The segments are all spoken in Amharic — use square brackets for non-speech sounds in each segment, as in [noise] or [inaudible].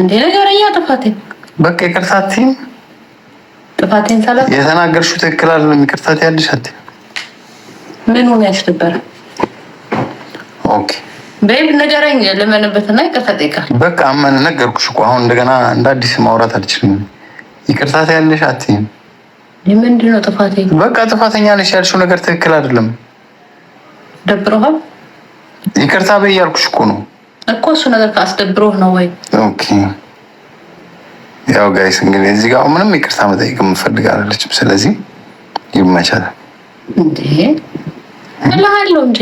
እንዴ ነገረኛ ጥፋቴ በቃ ይቅርታት ጥፋቴን ሳላ የተናገርሽው ትክክል አይደለም። ይቅርታት ያልሽ አት ምን ሆነ ያስደበረ ኦኬ ቤብ ነገረኝ ልመንበትና ይቅርታ ጠይቃል። በቃ አመን ነገርኩሽ እኮ አሁን እንደገና እንደ አዲስ ማውራት አልችልም። ይቅርታት ያልሽ አት ምንድን ነው ጥፋቴ? በቃ ጥፋተኛ ነሽ ያልሽው ነገር ትክክል አይደለም። ደብረሃል ይቅርታ በይ ያልኩሽ እኮ ነው እኮ እሱ ነገር ከአስደብሮህ ነው ወይ? ኦኬ ያው ጋይስ እንግዲህ እዚህ ጋር ምንም ይቅርታ መጠየቅ የምፈልግ አይደለችም። ስለዚህ ይመቻል እልሃለሁ እንጂ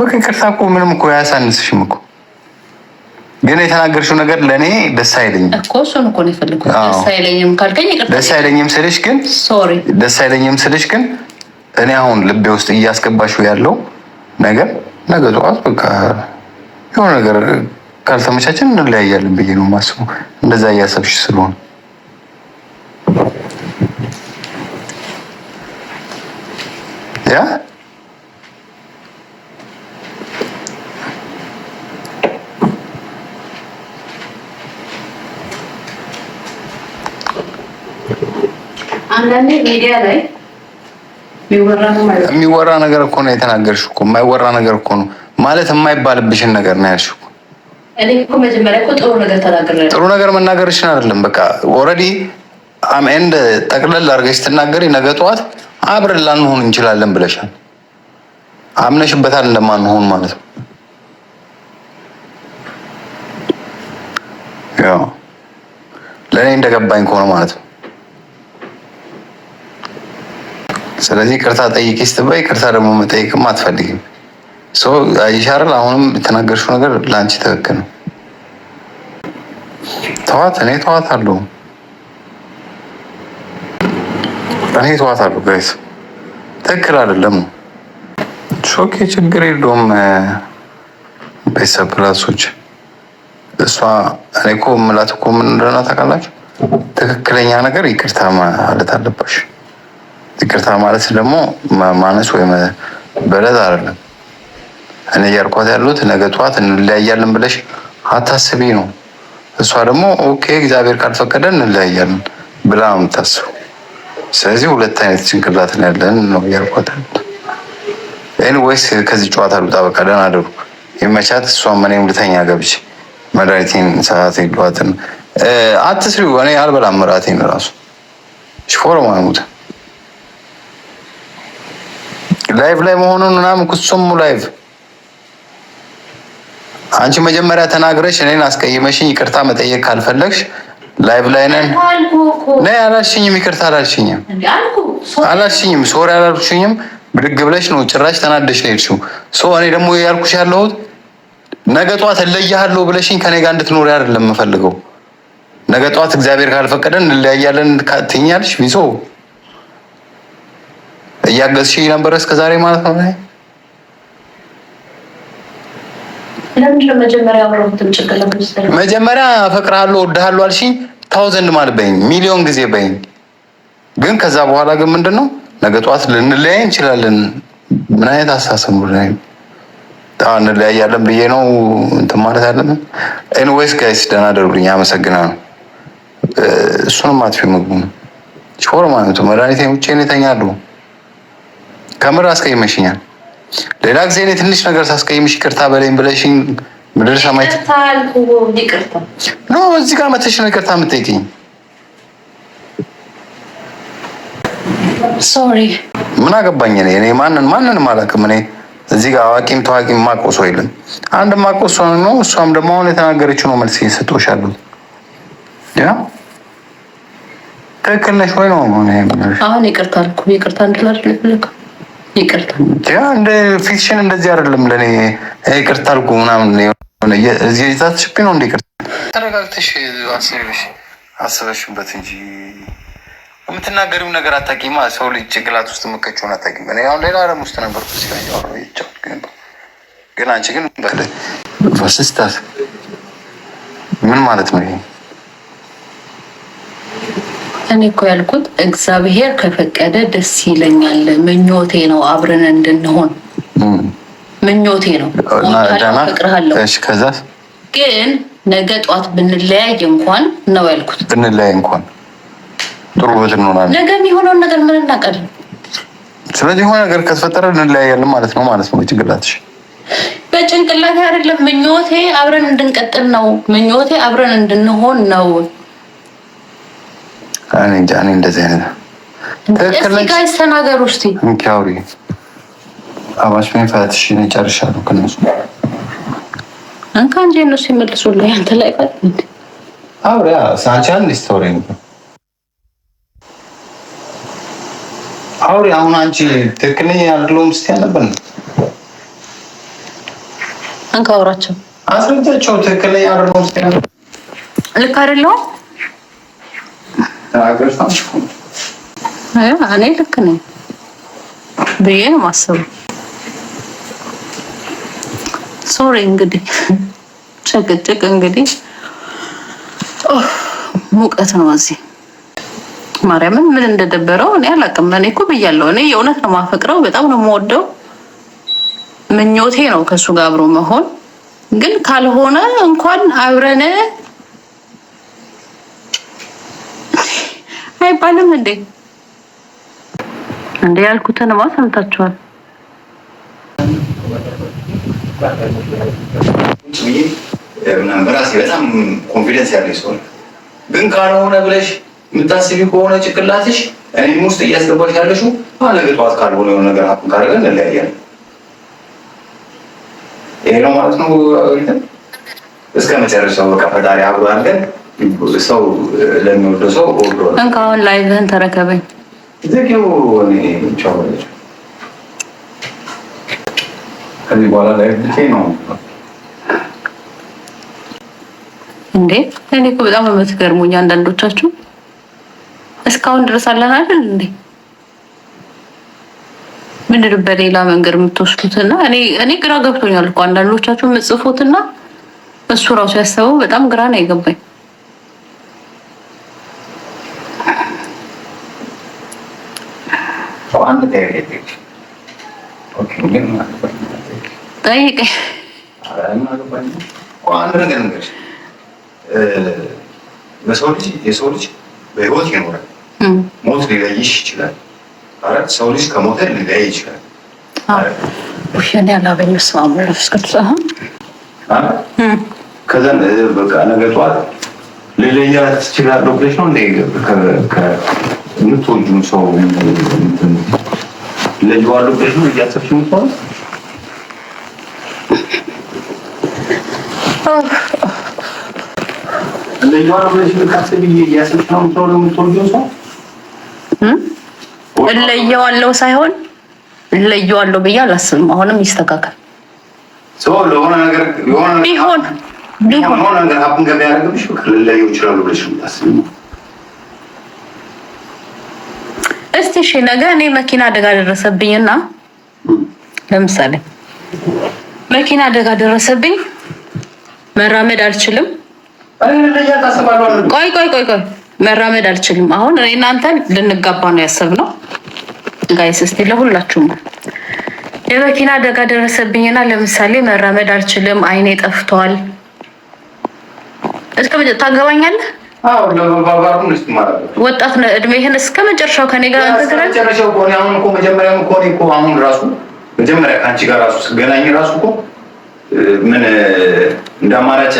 በቃ ይቅርታ እኮ ምንም እኮ እኮ ግን የተናገርሽው ነገር ለእኔ ደስ አይለኝም እኮ እሱን እኮ ነው ደስ አይለኝም ካልከኝ ይቅርታ ደስ አይለኝም ስልሽ ግን ሶሪ ደስ አይለኝም ስልሽ ግን እኔ አሁን ልቤ ውስጥ እያስገባሽው ያለው ነገር ነገ ጠዋት በቃ የሆነ ነገር ካልተመቻችን እንለያያለን ብዬ ነው የማስበው። እንደዛ እያሰብሽ ስለሆነ ያ አንዳንዴ ሚዲያ ላይ የሚወራ ነገር እኮ ነው የተናገርሽ እኮ የማይወራ ነገር እኮ ነው ማለት የማይባልብሽን ነገር ነው ያልሽው። ጥሩ ነገር መናገርሽን አይደለም በቃ ኦልሬዲ አምኤንድ ጠቅለል አድርገሽ ስትናገሪ ነገ ጠዋት አብረን ላንሆን እንችላለን ብለሻል። አምነሽበታል እንደማንሆን ማለት ነው። ያው ለእኔ እንደገባኝ ከሆነ ማለት ነው። ስለዚህ ቅርታ ጠይቂ ስትባይ ቅርታ ደግሞ መጠየቅም አትፈልጊም። ይሻርን አሁንም የተናገርሽው ነገር ለአንቺ ትክክል ነው። ተዋት፣ እኔ ተዋት አለሁ እኔ ተዋት አለሁ። ጋይስ ትክክል አይደለም ነው። ሾኬ ችግር የለውም ቤተሰብ ፕላሶች እሷ እኔ እኮ ምላት እኮ ምን እንደሆነ ታውቃላችሁ? ትክክለኛ ነገር ይቅርታ ማለት አለባሽ። ይቅርታ ማለት ደግሞ ማነስ ወይም በለት አይደለም። እኔ እያልኳት ያሉት ነገ ጠዋት እንለያያለን ብለሽ አታስቢ ነው። እሷ ደግሞ ኦኬ እግዚአብሔር ካልፈቀደ እንለያያለን ብላ ነው የምታስቡ። ስለዚህ ሁለት አይነት ጭንቅላት ነው ያለን ነው እያልኳት ያሉት። ይህን ወይስ ከዚህ ጨዋታ ልውጣ በቃ ደህና አደሩ ይመቻት። እሷ እኔም ልተኛ ገብቼ መድኃኒቴን ሰዓት ሄድሏትን አትስሪ እኔ አልበላም እራቴን ራሱ ሽፎር ማሙት ላይቭ ላይ መሆኑን ምናምን ኩሱሙ ላይቭ አንቺ መጀመሪያ ተናግረሽ እኔን አስቀይመሽኝ ይቅርታ መጠየቅ ካልፈለግሽ ላይቭ ላይ ነን። ነይ አላልሽኝም፣ ይቅርታ አላልሽኝም፣ አላልሽኝም፣ ሶሪ አላልሽኝም። ብድግ ብለሽ ነው ጭራሽ ተናደሽ ነው የሄድሽው። እኔ ደግሞ ያልኩሽ ያለሁት ነገ ጧት እለያሃለሁ ብለሽኝ ከኔ ጋር እንድትኖሪ አይደለም የምፈልገው። ነገ ጧት እግዚአብሔር ካልፈቀደን እንለያያለን ትኛለሽ። ቢሶ እያገዝሽኝ ነበረ እስከዛሬ ማለት ነው። መጀመሪያ አፈቅርሃለሁ እወድሃለሁ አልሽኝ። ታውዘንድ ማለት በይኝ፣ ሚሊዮን ጊዜ በይኝ። ግን ከዛ በኋላ ግን ምንድን ነው ነገ ጠዋት ልንለያይ እንችላለን። ምን አይነት አሳሰብ ላይ እንለያያለን ብዬ ነው እንትን ማለት አለብን። ኤንዌይስ ጋይስ ደህና አደሩልኝ። ነው እሱንም አጥፊ ምግቡ ነው ሾርማ ነው መድኃኒቴን ውጭ እኔ እተኛለሁ። ከምር አስቀይመሽኛል። ሌላ ጊዜ እኔ ትንሽ ነገር ሳስቀይምሽ ይቅርታ በለኝ ብለሽኝ ምድር ሰማይ ኖ እዚህ ጋር መተሽ ነው ይቅርታ የምጠይቅኝ። ምን አገባኝ እኔ እኔ ማንን ማንንም አላውቅም። እኔ እዚህ ጋር አዋቂም ታዋቂም ማቆ ሰው የለም። አንድ ማቆ ሰው ነው። እሷም ደግሞ አሁን የተናገረችው ነው መልስ እየሰጠሁሻለሁ። ያ ትክክል ነሽ ወይ ነው አሁን ይቅርታ አልኩ ይቅርታ እንድላደርግ ይቅርታ እንደ ፊክሽን እንደዚህ አይደለም። ለእኔ ይቅርታ አልኩ ምናምን ሆነ እዚህ የዛት ሽፒ ነው እንደ ይቅርታ ተረጋግተሽ አስበሽ አስበሽበት እንጂ የምትናገሪው ነገር አታውቂማ። ሰው ልጅ ጭንቅላት ውስጥ መከችውን አታውቂም። እኔ አሁን ሌላ ዓለም ውስጥ ነበር ግን አንቺ ግን ስስታት ምን ማለት ነው ይሄ? እኔ እኮ ያልኩት እግዚአብሔር ከፈቀደ ደስ ይለኛል፣ ምኞቴ ነው አብረን እንድንሆን ምኞቴ ነው። እፈቅርሃለሁ ግን ነገ ጧት ብንለያይ እንኳን ነው ያልኩት። ብንለያይ እንኳን ጥሩ ብትል ነገ የሚሆነውን ነገር ምን እናቀል። ስለዚህ የሆነ ነገር ከተፈጠረ እንለያያለን ማለት ነው ማለት ነው። ጭንቅላትሽ በጭንቅላት አይደለም። ምኞቴ አብረን እንድንቀጥል ነው። ምኞቴ አብረን እንድንሆን ነው። እኔ እንደዚህ አይነት ተናገሩ ስ አውሪ አባሽ ፈትሽ ጨርሻለሁ። ከነሱ እንካ እንጂ እነሱ ይመልሱልህ። አንተ ላይ አውሪያ አንቺ ስቶሪ አውሪ። አሁን አንቺ ትክክለኛ ያለውም ስትይ ነበር። እንካ አውራቸው፣ አስረጃቸው። ትክክለኛ ያለውም ስትይ ልክ አይደለሁም እኔ ልክ ነኝ ብዬ ነው የማስበው። ሶሪ እንግዲህ ጭቅጭቅ እንግዲህ ሙቀት ነው እዚህ። ማርያምን ምን እንደደበረው እኔ አላውቅም። እኔ እኮ ብያለሁ፣ እኔ የእውነት ነው ማፈቅረው፣ በጣም ነው የምወደው። ምኞቴ ነው ከእሱ ጋር አብሮ መሆን። ግን ካልሆነ እንኳን አብረን አይባልም እንዴ? እንደ ያልኩትንማ ሰምታችኋል። ራሴ በጣም ኮንፊደንስ ያለኝ ሰው ግን ካልሆነ ብለሽ የምታስቢ ከሆነ ጭቅላትሽ እኔም ውስጥ እያስገባሽ ያለሽው ነገ ጠዋት ካልሆነ የሆነ ነገር አቁም ካደረገ እንለያያለን። ይሄ ነው ማለት ነው። እስከ መጨረሻው በቃ ፈጣሪ አብሮ አለን። ሰው ለሚወደ ሰው እንካ አሁን ላይቭህን ተረከበኝ። ከዚህ በኋላ ላይቭ ነው እንዴ? እኔ እኮ በጣም የምትገርሙኝ አንዳንዶቻችሁ እስካሁን ድረስ አለን አይደል እንዴ? ምንድን በሌላ መንገድ የምትወስዱትና እኔ ግራ ገብቶኛል እኮ አንዳንዶቻችሁ የምጽፉትና እሱ ራሱ ያሰበው በጣም ግራ ነው የገባኝ። በሰው ልጅ የሰው ልጅ በህይወት ይኖራል። ሞት ሊለይሽ ይችላል። አረት ሰው ልጅ ከሞተ ሊለያይ ይችላል። ውሸን በቃ ነገ ጠዋት ልለያት ትችላለህ ብለሽ ነው እንደ የምትወጂውን ሰው ልጅ ባሉበት ነው እያሰብሽ የምትሆነው። እለየዋለሁ ሳይሆን እለየዋለሁ ብዬ አላስብም። አሁንም ይስተካከል ለሆነ ነገር ቢሆን ቢሆን ነገር አሁን ገበያ ያደረግብሽ ልለየው ይችላሉ ብለሽ ነው እስቲ እሺ፣ ነገ እኔ መኪና አደጋ ደረሰብኝና ለምሳሌ መኪና አደጋ ደረሰብኝ፣ መራመድ አልችልም። ቆይ ቆይ ቆይ ቆይ መራመድ አልችልም። አሁን እኔ እናንተ ልንጋባ ነው ያሰብነው። ጋይስ እስቲ ለሁላችሁም የመኪና አደጋ ደረሰብኝና ለምሳሌ መራመድ አልችልም፣ አይኔ ጠፍቷል። እስከ ታገባኛለህ ወጣት ነው እድሜህን እስከ መጨረሻው ከኔ ጋር መጨረሻው ከሆነ አሁን እኮ መጀመሪያም እኮ እኔ እኮ አሁን ራሱ መጀመሪያ ከአንቺ ጋር ራሱ ስገናኝ ራሱ እኮ ምን እንደ አማራጭ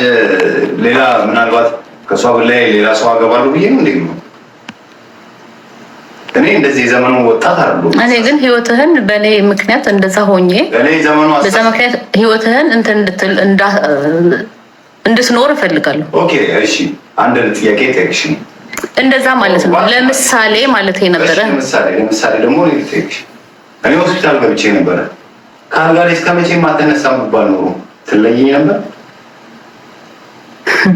ሌላ ምናልባት ከእሷ ላይ ሌላ ሰው አገባለሁ ብዬ ነው እንዴት ነው እኔ እንደዚህ የዘመኑ ወጣት አሉ። እኔ ግን ህይወትህን በእኔ ምክንያት እንደዛ ሆኜ በዛ ምክንያት ህይወትህን እንትን እንድትል እንድትኖር እፈልጋለሁ። ኦኬ እሺ አንድ ጥያቄ ጠቅሽ እንደዛ ማለት ነው። ለምሳሌ ማለት የነበረ ለምሳሌ ለምሳሌ ደግሞ ጠቅሽ እኔ ሆስፒታል ገብቼ ነበረ። ከአልጋ ላይ እስከ መቼ ማተነሳም ብባል ኖሮ ትለይኝ ነበር። [laughs]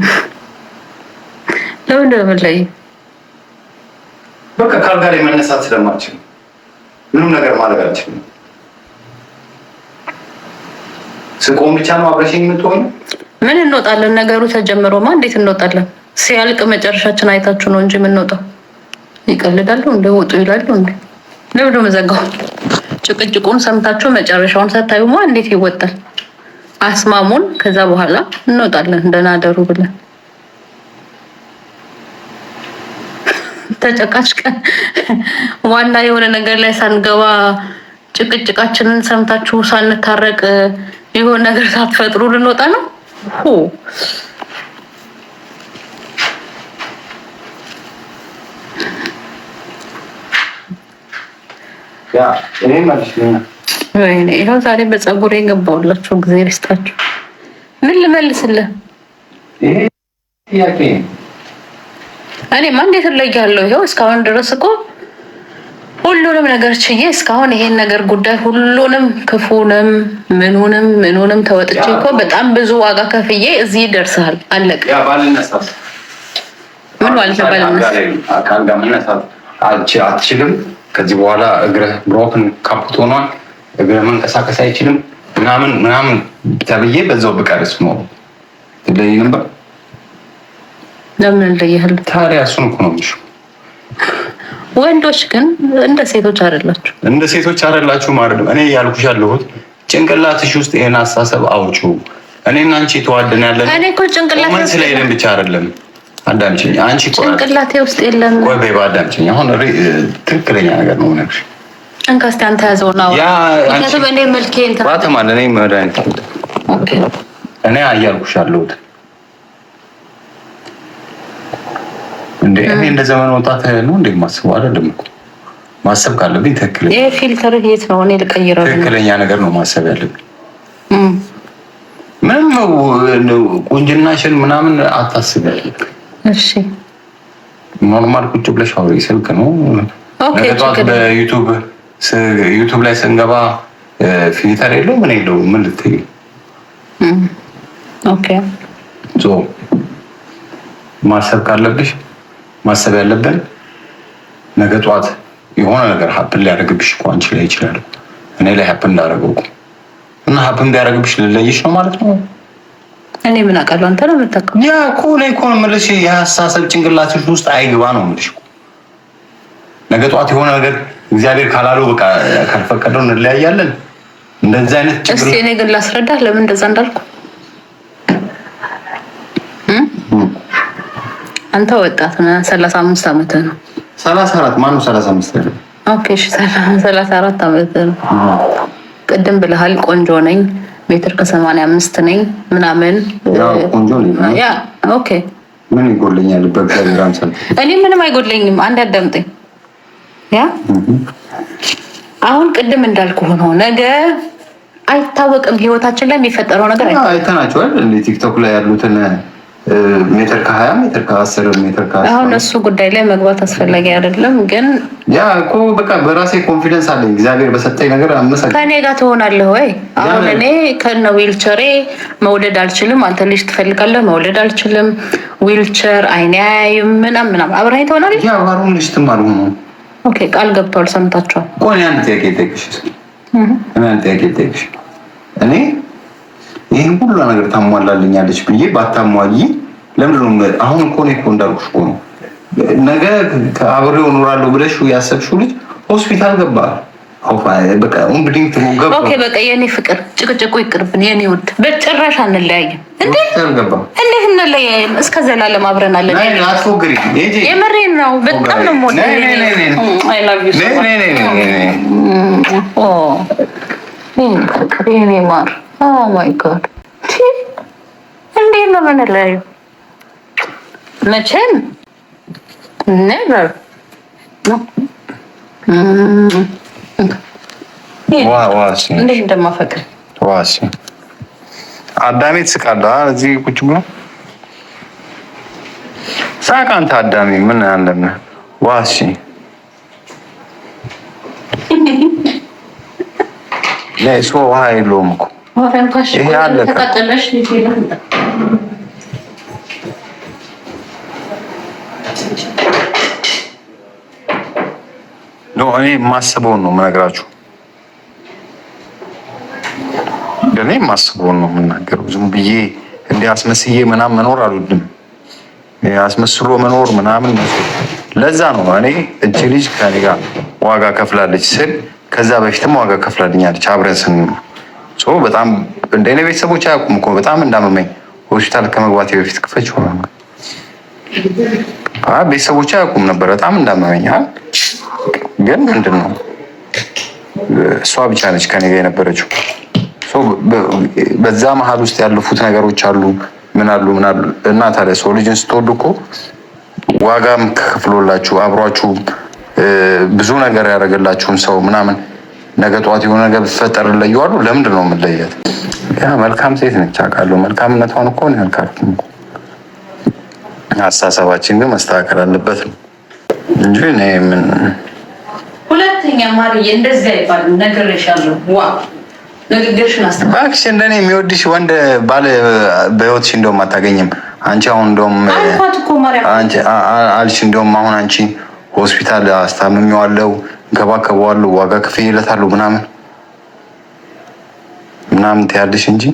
ለምን ለምለይ በቃ ከአልጋ ላይ መነሳት ስለማልችል ምንም ነገር ማድረግ አልችልም። ስቆም ብቻ ነው አብረሽኝ የምትሆኑ። ምን እንወጣለን? ነገሩ ተጀምሮማ እንዴት እንወጣለን? ሲያልቅ መጨረሻችን አይታችሁ ነው እንጂ የምንወጣው። ይቀልዳሉ እንደ ወጡ ይላሉ እንደ ለብዶ መዘጋው። ጭቅጭቁን ሰምታችሁ መጨረሻውን ሳታዩማ እንዴት ይወጣል? አስማሙን። ከዛ በኋላ እንወጣለን ደህና ደሩ ብለን ተጨቃጭ ቀን ዋና የሆነ ነገር ላይ ሳንገባ ጭቅጭቃችንን ሰምታችሁ ሳንታረቅ የሆነ ነገር ሳትፈጥሩ ልንወጣ ነው። ይኸው ዛሬ በፀጉር የገባውላቸው ጊዜ ይስጣቸው። ምን ልመልስልህ? እኔማ እንዴት እለያለሁ? ይኸው እስካሁን ድረስ እኮ ሁሉንም ነገር ችዬ እስካሁን ይሄን ነገር ጉዳይ ሁሉንም ክፉንም ምኑንም ምኑንም ተወጥቼ እኮ በጣም ብዙ ዋጋ ከፍዬ እዚህ ደርሰሃል። አለቀ። ምን ማለት ነው? ባልነሳት አትችልም ከዚህ በኋላ እግርህ ብሮክን ካፑት ሆኗል፣ እግርህ መንቀሳቀስ አይችልም ምናምን ምናምን ተብዬ በዛው ብቀርስ ነው ትለይ ነበር። ለምን እንደያህል ታዲያ እሱን እኮ ነው ወንዶች ግን እንደ ሴቶች አይደላችሁ፣ እንደ ሴቶች አይደላችሁ ማለት ነው። እኔ ያልኩሽ ያለሁት ጭንቅላትሽ ውስጥ ይሄን አስተሳሰብ አውጪው። እኔና እና አንቺ ተዋደን ያለን እኔ እኮ ጭንቅላት ስለሌለን ብቻ አይደለም አዳምጪኝ። አንቺ ጭንቅላቴ ውስጥ የለም። ቆይ ቤባ አዳምጪኝ። አሁን ትክክለኛ ነገር ነው ምነግርሽ። እንካስቲ አንተ ያዘውና ምክንያቱም እኔ መልኬ እኔ መድኃኒት እኔ አያልኩሽ አለሁት እኔ እንደ ዘመን ነው አይደለም እኮ ማሰብ ካለብኝ ይሄ ፊልተር የት ነው? እኔ ልቀይረው። ትክክለኛ ነገር ነው ማሰብ ያለብኝ። ምንም ቁንጅናሽን ምናምን አታስብ ያለብኝ እሺ ኖርማል ቁጭ ብለሽ አውሪ። ስልክ ነው ዩቱብ ላይ ስንገባ ፊልተር የለው ምን የለው ምን ልትይ ማሰብ ካለብሽ ማሰብ ያለብን ነገ ጠዋት የሆነ ነገር ሀፕን ሊያደርግብሽ እኮ አንቺ ላይ ይችላል እኔ ላይ ሀፕን እንዳደረገው እና ሀፕን ቢያደርግብሽ ልለይሽ ነው ማለት ነው። እኔ ምን አውቃለሁ? አንተ ነው የምታውቀው። ያ እኮ ላይ እኮ ነው የምልሽ። የሀሳሰብ ጭንቅላትሽ ውስጥ አይግባ ነው የምልሽ። ነገ ጠዋት የሆነ ነገር እግዚአብሔር ካላለው በቃ ካልፈቀደው እንለያያለን። እንደዚህ አይነት ጭንቅላት እስቲ እኔ ግን ላስረዳህ ለምን እንደዛ እንዳልኩ። አንተ ወጣት ነህ፣ ሰላሳ አምስት ዓመትህ ነው። ሰላሳ አራት ማነው? ሰላሳ አምስት ኦኬ፣ ሰላሳ አራት ዓመትህ ነው። ቅድም ብለሃል ቆንጆ ነኝ ሜትር ከሰማንያ አምስት ነኝ ምናምን ምን ይጎለኛል? እኔ ምንም አይጎለኝም። አንድ አዳምጠኝ። ያ አሁን ቅድም እንዳልኩ ሆነው ነገ አይታወቅም፣ ህይወታችን ላይ የሚፈጠረው ነገር አይተናቸዋል። ቲክቶክ ላይ ያሉትን ሜትር ከሀያ ሜትር ከአስር ሜትር አሁን እሱ ጉዳይ ላይ መግባት አስፈላጊ አይደለም። ግን ያ እኮ በቃ በራሴ ኮንፊደንስ አለኝ እግዚአብሔር በሰጠኝ ነገር አመሰግ ከእኔ ጋር ትሆናለህ ወይ? አሁን እኔ ከነ ዊልቸሬ መውለድ አልችልም። አንተ ልጅ ትፈልጋለህ፣ መውለድ አልችልም። ዊልቸር አይኔ አያይም ምናም ምናም አብረኝ ትሆናለህ። ያ ባሩን ልጅ ትማሉ ኦኬ፣ ቃል ገብቷል። ሰምታችኋል። ቆን ያን ጥያቄ ጠቅሽ እኔ ይህን ሁሉ ነገር ታሟላልኛለች ብዬ ባታሟይ ለምንድነው? አሁን እኮ እኔ እኮ እንዳልኩሽ እኮ ነው ነገ ከአብሬው እኖራለሁ ብለሽ ያሰብሽው ልጅ ሆስፒታል ገባል። በቃ የኔ ፍቅር ጭቅጭቁ ይቅርብን። የኔ ውድ በጭራሽ አንለያይም። እንዴት እንለያይም? እስከ ዘላለም አብረን የምሬን ነው። በጣም ነው ሞ ማር ማይ ጋድ እንዴት ነው ምንለዩ? መቼም ኔቨር እንዴት እንደማፈቅር አዳሜ ትስቃለህ። እዚህ ቁጭ ብሎ ሳቅ። አንተ አዳሜ ምን ዋሲ ሶ ውሃ የለውም እኮ እኔ የማስበውን ነው የምነግራችሁ። እኔ የማስበውን ነው የምናገረው። ዝም ብዬ እንዲህ አስመስዬ ምናምን መኖር አልወድም። አስመስሎ መኖር ምናምን ለዛ ነው እኔ እች ልጅ ከኔ ጋር ዋጋ ከፍላለች ስል ከዛ በፊትም ዋጋ ከፍላልኛለች አብረን ስንኖር በጣም እንደ እኔ ቤተሰቦች አያውቁም እኮ በጣም እንዳመመኝ ሆስፒታል ከመግባት በፊት ክፈች ሆነ ቤተሰቦች አያውቁም ነበር። በጣም እንዳመመኝ ግን ምንድን ነው እሷ ብቻ ነች ከኔ ጋር የነበረችው። በዛ መሀል ውስጥ ያለፉት ነገሮች አሉ ምን አሉ ምን አሉ እና ታዲያ ሰው ልጅን ስትወዱ እኮ ዋጋም ከፍሎላችሁ አብሯችሁ ብዙ ነገር ያደረገላችሁን ሰው ምናምን ነገ ጠዋት የሆነ ነገር ቢፈጠር ለየዋሉ ለምንድን ነው የምንለየት? ያ መልካም ሴት ነች አውቃለሁ። መልካምነቷን እኮ ነው ያልካት። አስተሳሰባችን ግን መስተካከል አለበት ነው እንጂ እኔ ምን ሁለተኛ ማርዬ፣ እንደዚህ አይባልም። ነግሬሻለሁ። ዋ ንግግርሽን እባክሽ። እንደኔ የሚወድሽ ወንድ ባል በህይወትሽ እንደውም አታገኝም። አንቺ አሁን እንደውም አልሽ እንደውም አሁን አንቺ ሆስፒታል አስታምሚዋለው እንከባከበዋለሁ፣ ዋጋ ከፍዬለታለሁ ምናምን ምናምን ትያለሽ እንጂ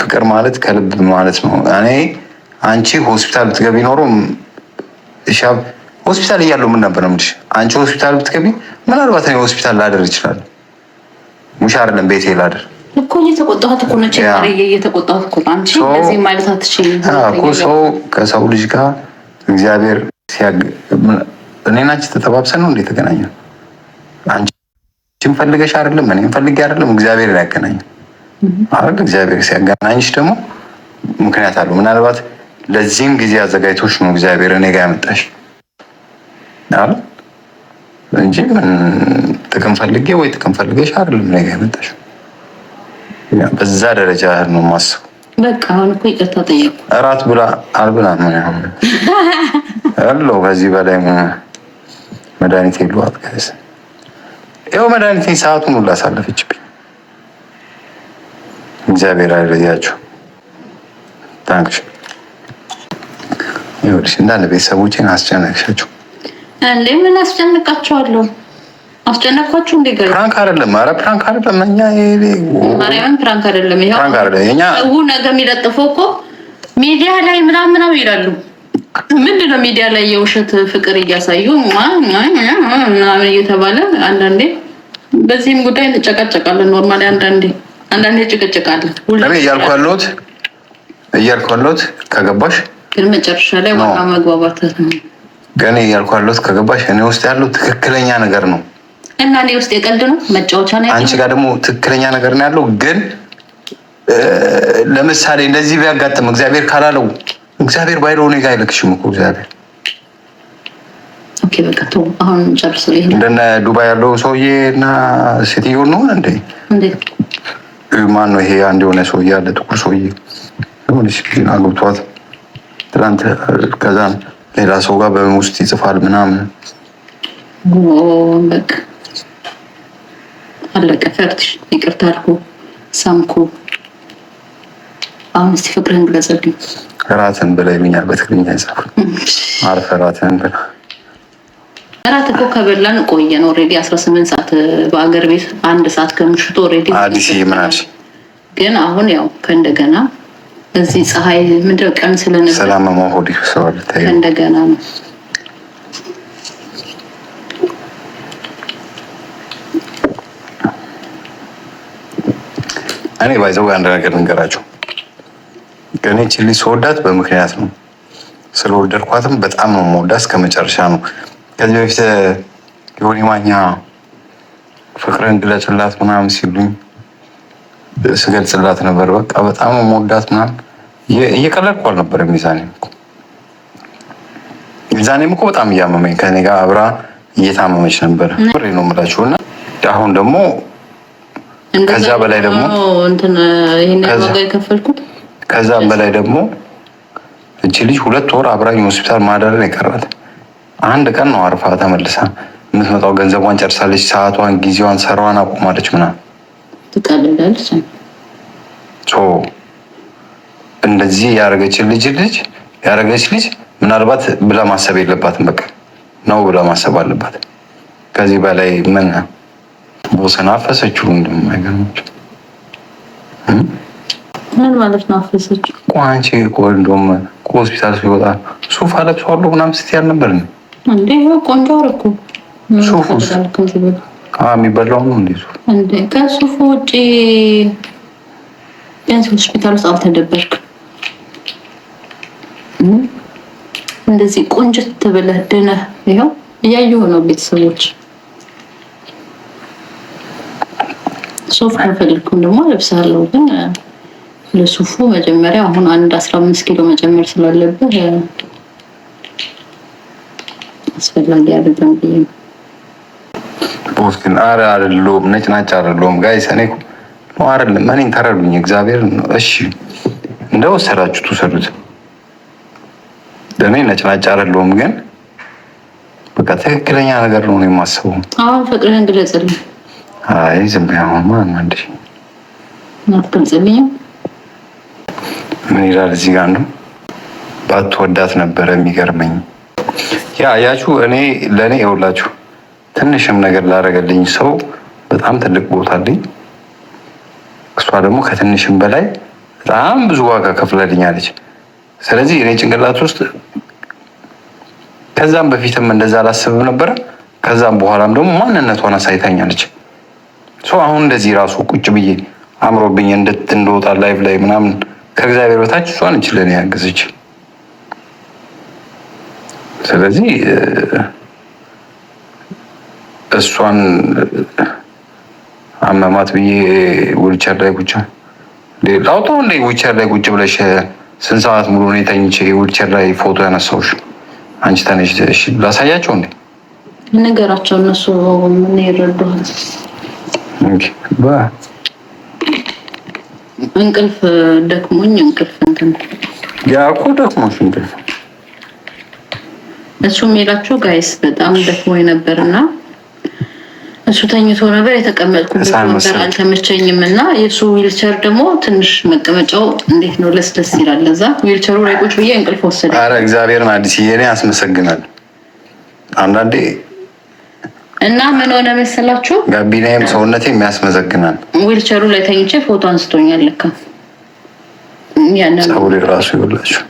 ፍቅር ማለት ከልብ ማለት ነው። እኔ አንቺ ሆስፒታል ብትገቢ ኖሮ ሻብ ሆስፒታል እያለሁ ምን ነበር የምልሽ? አንቺ ሆስፒታል ብትገቢ ምናልባት እኔ ሆስፒታል ላደር ይችላል። ሙሽ አይደለም ቤት ላደር እኮ እየተቆጣሁት እኮ ነው። እየተቆጣሁት እኮ አንቺ እንደዚህ ማለት አትችልም ሰው ከሰው ልጅ ጋር እግዚአብሔር እኔና አንቺ ተጠባብሰን ነው እንዴ የተገናኘን? አንቺም ፈልገሽ አይደለም እኔም ፈልጌ አይደለም። እግዚአብሔር ያገናኘን አረግ እግዚአብሔር ሲያገናኝሽ ደግሞ ምክንያት አለው። ምናልባት ለዚህም ጊዜ አዘጋጅቶች ነው እግዚአብሔር እኔ ጋር ያመጣሽ አይደል? እንጂ ጥቅም ፈልጌ ወይ ጥቅም ፈልገሽ አይደለም እኔ ጋር ያመጣሽ። በዛ ደረጃ ነው የማስበው። በቃ አሁን እኮ ይቅርታ ጠየቁ። እራት ብላ አልብላ ምን ያሁን ከዚህ በላይ ምን መድኃኒት የሉ አትገዝ ይኸው መድኃኒት ሰዓቱን ሁሉ አሳለፈችብኝ። እግዚአብሔር አይረያችሁ። ታንክሽ ይኸውልሽ፣ እንዳለ ቤተሰቦቼን አስጨነቅሻቸው። እንዴ ምን አስጨንቃቸዋለሁ? አስጨነቅኳችሁ እንዴ? ጋር ፕራንክ አይደለም። ኧረ ፕራንክ አይደለም። እኛ ማርያምን ፕራንክ አይደለም። ይኸው ፕራንክ አይደለም። እኛ ነገ የሚለጥፈው እኮ ሚዲያ ላይ ምናምን ነው ይላሉ ምንድን ነው ሚዲያ ላይ የውሸት ፍቅር እያሳዩ ምናምን እየተባለ አንዳንዴ በዚህም ጉዳይ እንጨቀጨቃለን። ኖርማሊ አንዳንዴ አንዳንዴ ጭቅጭቃለን። እኔ እያልኩ ያለሁት እያልኩ ያለሁት ከገባሽ ግን መጨረሻ ላይ ዋና መግባባት ነው። ግን እያልኩ ያለሁት ከገባሽ እኔ ውስጥ ያለው ትክክለኛ ነገር ነው እና እኔ ውስጥ የቀልድ ነው መጫወቻ ነው። አንቺ ጋር ደግሞ ትክክለኛ ነገር ነው ያለው። ግን ለምሳሌ እንደዚህ ቢያጋጥም እግዚአብሔር ካላለው እግዚአብሔር ባይለው ሆኔ ጋር አይልክሽም እኮ እግዚአብሔር። ኦኬ በቃ አሁን ይሄ እንደነ ዱባይ ያለው ሰውዬ እና ሴትዮ ነው እንዴ? እንዴ ማን ነው ይሄ? አንድ የሆነ ሰውዬ አለ ጥቁር ሰውዬ ሆነች አግብቷት ትላንት፣ ከዛን ሌላ ሰው ጋር በውስጥ ይጽፋል ምናምን አለቀ። ፈርትሽ ይቅርታ አልኩ ሳምኩ አሁን እስቲ ፍቅርህን ግለጽልኝ። እራትን ብላ ይሉኛል በትግርኛ ይጻፍ። አርፈ እራትን ብላ እራት እኮ ከበላን ቆየን። ኦልሬዲ አስራ ስምንት ሰዓት በአገር ቤት አንድ ሰዓት ከምሽቱ ኦልሬዲ አዲስ ምናሽ ግን አሁን ያው ከእንደገና እዚህ ፀሐይ ምንድነው ቀን ስለነበር ሰላም ማሆድ ይሰዋል ከእንደገና ነው እኔ ባይዘው አንድ ነገር እንገራቸው እኔ ቺሊ ስወዳት በምክንያት ነው። ስለወደድኳትም በጣም ነው የምወዳት እስከ መጨረሻ ነው። ከዚህ በፊት የሆኒ ማኛ ፍቅርን ግለጽላት ምናምን ሲሉኝ ስገልጽላት ነበር። በቃ በጣም መወዳት የምወዳት ምናምን እየቀለድኩ አልነበረም። ሚዛኔም ሚዛኔም እኮ በጣም እያመመኝ ከኔ ጋር አብራ እየታመመች ነበር ነው የምላችሁ። እና አሁን ደግሞ ከዛ በላይ ደግሞ ይህን ዋጋ የከፈልኩት ከዛም በላይ ደግሞ እች ልጅ ሁለት ወር አብራኝ ሆስፒታል ማደርን የቀራት አንድ ቀን ነው አርፋ ተመልሳ የምትመጣው። ገንዘቧን ጨርሳለች፣ ሰዓቷን፣ ጊዜዋን፣ ሰራዋን አቆማለች ምናምን ትቀልዳለች። እንደዚህ ያደረገች ልጅ ልጅ ያደረገች ልጅ ምናልባት ብላ ማሰብ የለባትም። በቃ ነው ብላ ማሰብ አለባት። ከዚህ በላይ ምን ቦሰና አፈሰችው እንደማይገርማቸው ምን ማለት ነው? አፈሰች ቋንቼ ቆንዶም ከሆስፒታል ሲወጣ ሱፍ አለብሰዋለሁ ምናምን ስትይ አልነበር እንዴ? ቆንጆ አደረኩ። ሱፍ የሚበላው ነው እንዴ? እንዴ? ከሱፍ ውጭ ቢያንስ ሆስፒታል ውስጥ አልተደበርክም? እንደዚህ ቆንጆ ብለህ ድነህ ይኸው እያየሁ ነው። ቤተሰቦች ሱፍ አልፈልግኩም ደግሞ ለብሳለሁ ግን ለሱፉ መጀመሪያ አሁን አንድ አስራ አምስት ኪሎ መጨመር ስላለበት አስፈላጊ አይደለም ብዬ ነው። ቦስ ግን አረ አይደለም ነጭ ናጭ አይደለም ጋይስ፣ እኔ ነው አይደለም እኔን ተረዱኝ፣ እግዚአብሔር ነው። እሺ እንደወሰዳችሁ ትውሰዱት። ለእኔ ነጭ ናጭ አይደለም ግን በቃ ትክክለኛ ነገር ነው የማስበው። አሁን ፍቅርህን ግለጽልኝ። አይ ዝም ብዬ አሁን ማን አንድ ምን ይላል እዚህ ጋር ነው ባትወዳት ነበረ የሚገርመኝ። ያ ያችሁ እኔ ለእኔ የውላችሁ ትንሽም ነገር ላደረገልኝ ሰው በጣም ትልቅ ቦታ አለኝ። እሷ ደግሞ ከትንሽም በላይ በጣም ብዙ ዋጋ ከፍለልኛለች ስለዚህ እኔ ጭንቅላት ውስጥ ከዛም በፊትም እንደዛ አላስብም ነበረ። ከዛም በኋላም ደግሞ ማንነቷን ሳይታኛለች ሰው አሁን እንደዚህ ራሱ ቁጭ ብዬ አምሮብኝ እንደወጣ ላይቭ ላይ ምናምን ከእግዚአብሔር በታች እሷ ነች ለእኔ ያገዘች። ስለዚህ እሷን አመማት ብዬ ውልቸር ላይ ቁጭ ላውጣ እንደ ውልቸር ላይ ቁጭ ብለሽ ስንት ሰዓት ሙሉ እኔ ተኝቼ ውልቸር ላይ ፎቶ ያነሳሁሽ አንቺ ተነሽ ላሳያቸው እንዴ ነገራቸው እነሱ ምን ይረዱሃል? እንቅልፍ ደክሞኝ እንቅልፍ እንትን ያ እኮ ደክሞሽ እንቅልፍ እሱ የሚላችሁ ጋይስ በጣም ደክሞኝ ነበር እና እሱ ተኝቶ ነበር። የተቀመጥኩ ነበር አልተመቸኝም እና የእሱ ዊልቸር ደግሞ ትንሽ መቀመጫው እንዴት ነው ለስለስ ይላል። ለዛ ዊልቸሩ ላይ ቁጭ ብዬ እንቅልፍ ወሰደ። አረ እግዚአብሔርን አዲስ የኔ አስመሰግናል አንዳንዴ እና ምን ሆነ መሰላችሁ፣ ጋቢናይም ሰውነቴ የሚያስመዘግናል። ዊልቸሩ ላይ ተኝቼ ፎቶ አንስቶኛል። ለካ ፀጉሬ ራሱ ይውላችሁ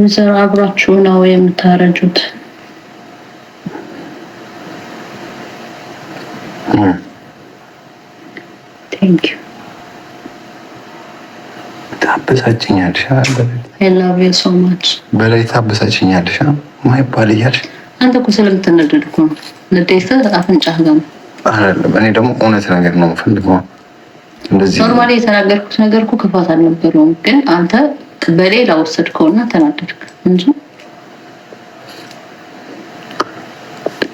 ምዘር አብራችሁ ነው የምታረጁት። ታበሳጭኛለሽ በላይ ታበሳጭኛለሽ፣ ማይባል እያልሽ አንተ እኮ ስለምትነደድ እኮ ነው። ንዴትህ አፍንጫህ ጋር ነው። እኔ ደግሞ እውነት ነገር ነው የምፈልገው። ኖርማሊ የተናገርኩት ነገር እኮ ክፋት አልነበረውም፣ ግን አንተ በሌላ ወሰድከውና ተናደድክ እንጂ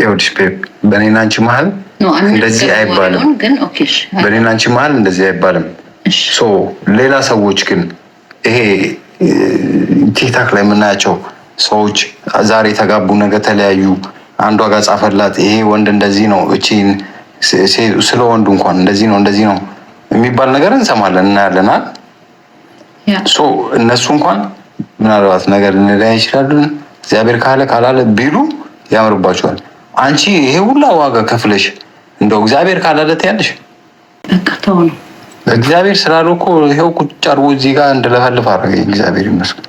ይኸውልሽ ቤብ፣ በእኔና አንቺ መሀል እንደዚህ አይባልም። በእኔና አንቺ መሀል እንደዚህ አይባልም። ሌላ ሰዎች ግን ይሄ ቲክታክ ላይ የምናያቸው ሰዎች ዛሬ የተጋቡ ነገ ተለያዩ። አንዷ ጋር ጻፈላት፣ ይሄ ወንድ እንደዚህ ነው፣ እቺን ስለ ወንዱ እንኳን እንደዚህ ነው እንደዚህ ነው የሚባል ነገር እንሰማለን እናያለናል። እነሱ እንኳን ምናልባት ነገር ልንለያ ይችላሉ እግዚአብሔር ካለ ካላለ ቢሉ ያምርባቸዋል። አንቺ ይሄ ሁላ ዋጋ ከፍለሽ እንደው እግዚአብሔር ካላለት ያለሽ እግዚአብሔር ስላሉ እኮ ይኸው ቁጭ አድርጎ እዚህ ጋር እንደለፈልፍ አረገ። እግዚአብሔር ይመስገን።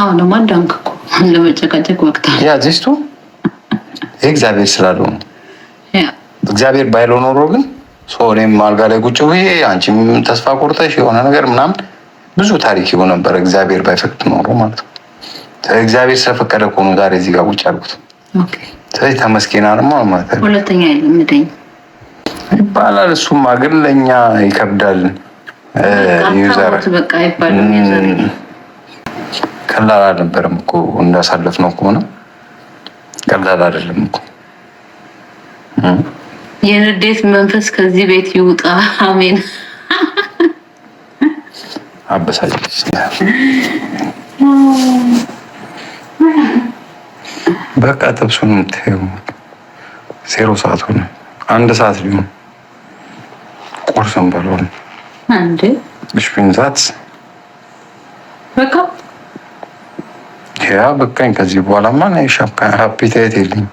አሁን ደግሞ አዳንክ እኮ ለመጨቃጨቅ ወቅታል ያ ዚስቱ እግዚአብሔር ስላለው ነው። እግዚአብሔር ባይለው ኖሮ ግን እኔም አልጋ ላይ ቁጭ ብዬ አንቺም ተስፋ ቆርጠሽ የሆነ ነገር ምናምን ብዙ ታሪክ ይሆን ነበር። እግዚአብሔር ባይፈቅድ ኖሮ ማለት ነው። እግዚአብሔር ስለፈቀደ እኮ ዛሬ እዚህ ጋር ቁጭ አልኩት። ስለዚህ ተመስገን አርማ ማለት ሁለተኛ ልምደኝ ይባላል። እሱማ ግን ለእኛ ይከብዳል። ዩዘር ቀላል አልነበረም እኮ እንዳሳለፍ ነው ከሆነ ቀላል አይደለም እኮ። የንዴት መንፈስ ከዚህ ቤት ይውጣ። አሜን። አበሳጭ በቃ ጥብሱን የምታየው ዜሮ ሰዓት ሆነ። አንድ ሰዓት ሊሆን ቁርስን በልሆን አንድ እሽፒንዛት በቃ ያ በቃኝ። ከዚህ በኋላማ አፒታይት የለኝ።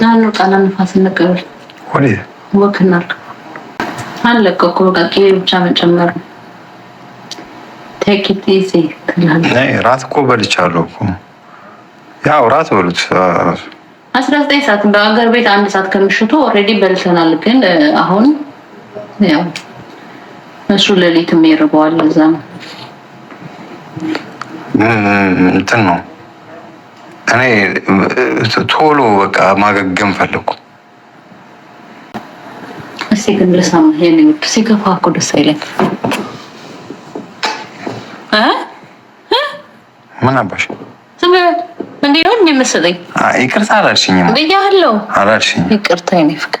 ቃላ ራት እኮ በልቻለሁ ያው ራት በሉት። አስራ ዘጠኝ ሰዓት በአገር ቤት አንድ ሰዓት ከምሽቱ ኦልሬዲ በልተናል፣ ግን አሁን ያው እሱ ሌሊትም ይርበዋል። እዛ እንትን ነው። እኔ ቶሎ በቃ ማገገም ፈለኩ። እስቲ ግን ልሰማ የኔ ውድ፣ ሲከፋ እኮ ደስ አይለኝ። ምን አባሽ ዝም ብለህ እንዴ ነው እንዴ መሰለኝ። ይቅርታ አላልሽኝም። ፍቅር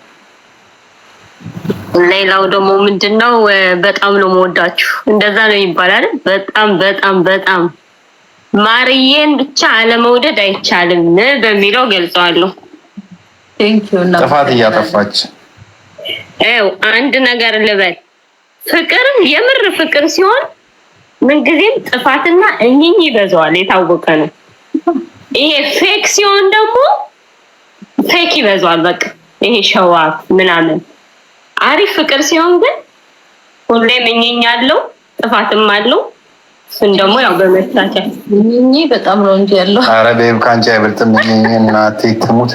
ሌላው ደግሞ ምንድን ነው በጣም ነው መወዳችሁ። እንደዛ ነው ይባላል። በጣም በጣም በጣም ማርዬን ብቻ አለመውደድ አይቻልም በሚለው ገልጸዋለሁ። ጥፋት እያጠፋች ው አንድ ነገር ልበል። ፍቅርም የምር ፍቅር ሲሆን ምንጊዜም ጥፋትና እኝኝ ይበዛዋል፣ የታወቀ ነው። ይሄ ፌክ ሲሆን ደግሞ ፌክ ይበዛዋል። በቃ ይሄ ሸዋ ምናምን አሪፍ ፍቅር ሲሆን ግን ሁሌ እኝኝ አለው ጥፋትም አለው። እሱን ደግሞ ያው በመቻቻል እኝኝ በጣም ነው እንጂ ያለው አረ ቤብ ከአንቺ አይበልጥም። ምኝኝ እናቴ ትሙት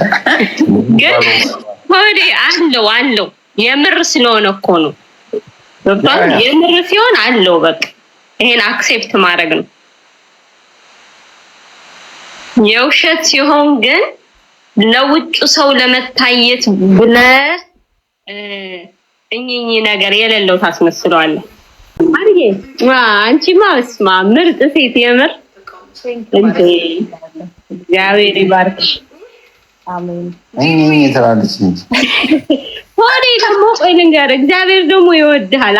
ግን ሆዴ አለው አለው የምር ስለሆነ እኮ ነው የምር ሲሆን አለው በቃ ይሄን አክሴፕት ማድረግ ነው። የውሸት ሲሆን ግን ለውጭ ሰው ለመታየት ብለህ እኚህ ነገር የሌለው ታስመስለዋለህ። አርዬ አንቺማ እስማ ምርጥ ሴት የምር እግዚአብሔር ይባርክሽ። አሜን። ደግሞ ቆይ ልንገር፣ እግዚአብሔር ደግሞ ይወድሃል።